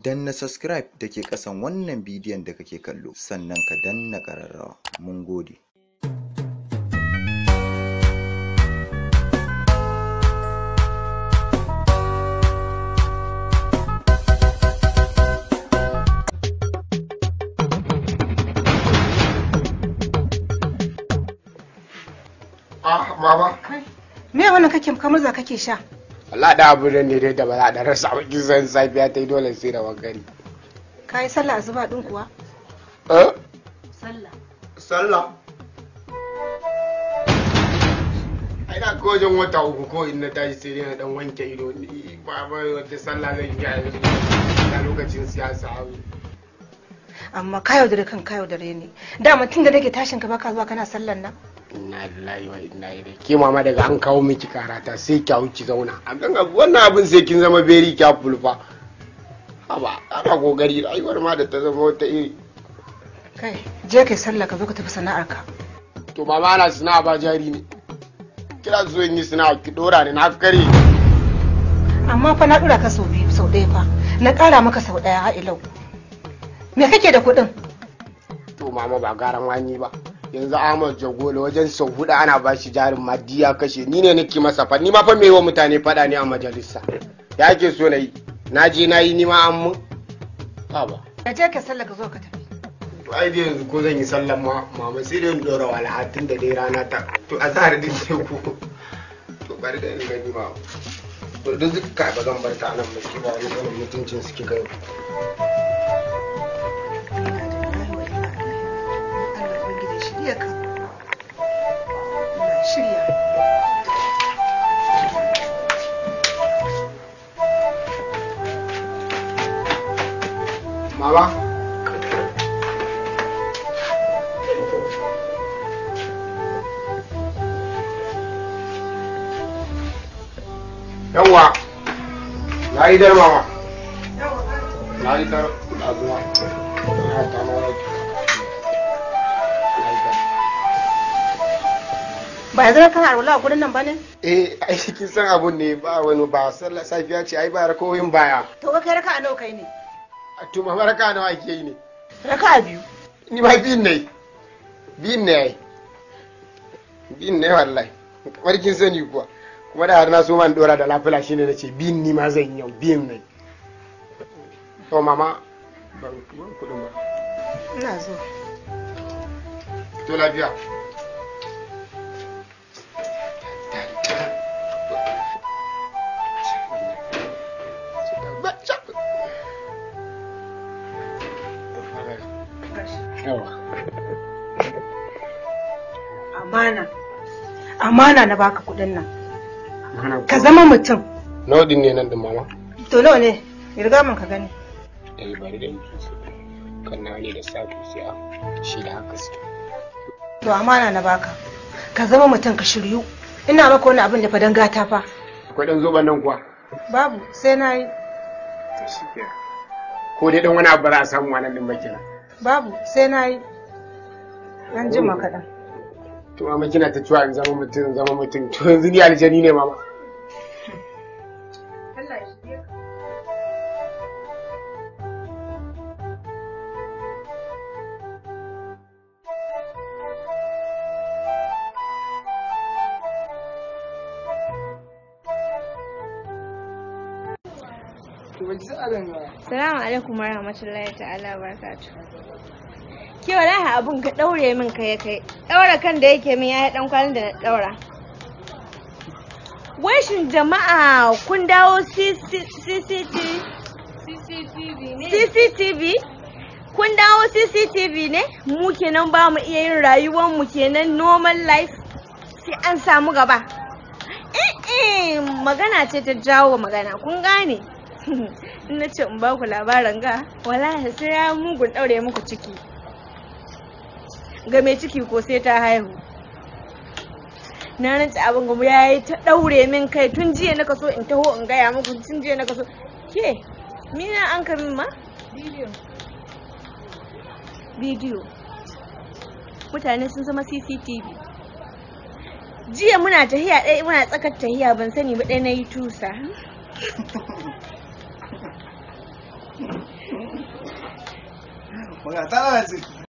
danna subscribe da ke ƙasan wannan bidiyon da kake kallo sannan ka danna ƙararrawa mun gode ah, Baba. Me wannan kake kamar za kake sha? Allah da abu ne dai da ba za a rasa ba kisan safiya ta yi dole sai da wankari. ka yi sallah asuba ɗin kuwa eh sallah sallah ina kojin wata uku ko in na tashi sai dai na wanke ido ba ba wata sallah zan yi a lokacin siyasa amma ka yaudare kan ka yaudare ne da mutum da nake tashin ka baka zuwa kana sallan nan inna lillahi wa inna ilaihi ke mama daga an kawo miki karata sai ki wuce zauna a kan wannan abin sai kin zama beri ki fa. haba ana kokari rayuwar ma da ta zama wata iri kai je kai sallah ka zo ka tafi sana'arka to mama ana sana'a ba jari ne kira zo in yi sana'a ki dora ne na kare amma fa na dora ka sau biyu sau ɗaya fa na ƙara maka sau ɗaya ha ilau me kake da kuɗin to mama ba garan wani ba yanzu Ahmad Jagola wajen sau hudu ana bashi jarin maddi ya kashe ni ne nake masa fa ni ma fa me wa mutane fada ne a majalisa ya ke so na yi na je na yi ni ma an mun ba ka je ka sallah ka zo ka tafi to ai dai yanzu ko zan yi sallah ma mama sai dai dora wala tun da dai rana ta to a zahar din sai ko to bari da ni gani ba to duk ka ba zan bar ta nan ba sai ba wani mutuncin suke kai Shriya. Mama. Yawa. Na yi dar mama. Na yi dar azuma. Na ta mawaki. ba yanzu kana alwala a gurin nan ba ne? eh ai kin san abun ne ba wani ba sallah safiya ce ai ba rakoyin baya to kai raka'a nawa kai ne a to mama raka'a nawa ake yi ne raka'a biyu ni ma biyun ne biyun ne ai biyun ne wallahi kamar kin sani kuwa kuma da har na so man dora da lafila shine nace biyun ni ma zan yau biyun ne to mama ban kudin ba ina zo to lafiya Amana. Amana na baka kudin nan. Ka zama mutum. Nawa din ne nan din mama? To nawa ne? Riga mun ka gani. Eh bari da mutum su. Kan nawa ne da sabu sai a shi da haka su. To amana na baka. Ka zama mutum ka shiryu. Ina maka wani abin da fa dan gata fa. Akwai dan zoban nan kuwa? Babu, sai na yi. To shi Ko dai dan wani abu ba za a samu wannan din ba nan. babu sai na yi an jima kaɗan to mama kina ta ciwa in zama mutum zama mutum to yanzu ni aljani ne mama Salamu alaikum warahmatullahi ta'ala barakatu. Ke wallahi abun ka daure min kai kai. Daura kan da yake min yayi dan kwalin da na daura. shin jama'a kun dawo CCTV CCTV kun dawo CCTV ne mu kenan ba mu iya yin rayuwar mu kenan normal life sai an samu gaba. Eh, eh, magana ce ta jawo magana kun gane in na ce in ba ku labarin ga wallahi sai ya mugun ɗaure muku ciki ga mai ciki ko sai ta haihu na rantsa abin gamu ya yi ta ɗaure min kai tun jiya na kaso in taho in gaya muku tun jiya na kaso ke mina an min ma bidiyo bidiyo mutane sun zama cctv jiya muna tahiya ɗaya muna tsakar tahiya ban sani ba ɗaya na yi tusa Buenas tardes.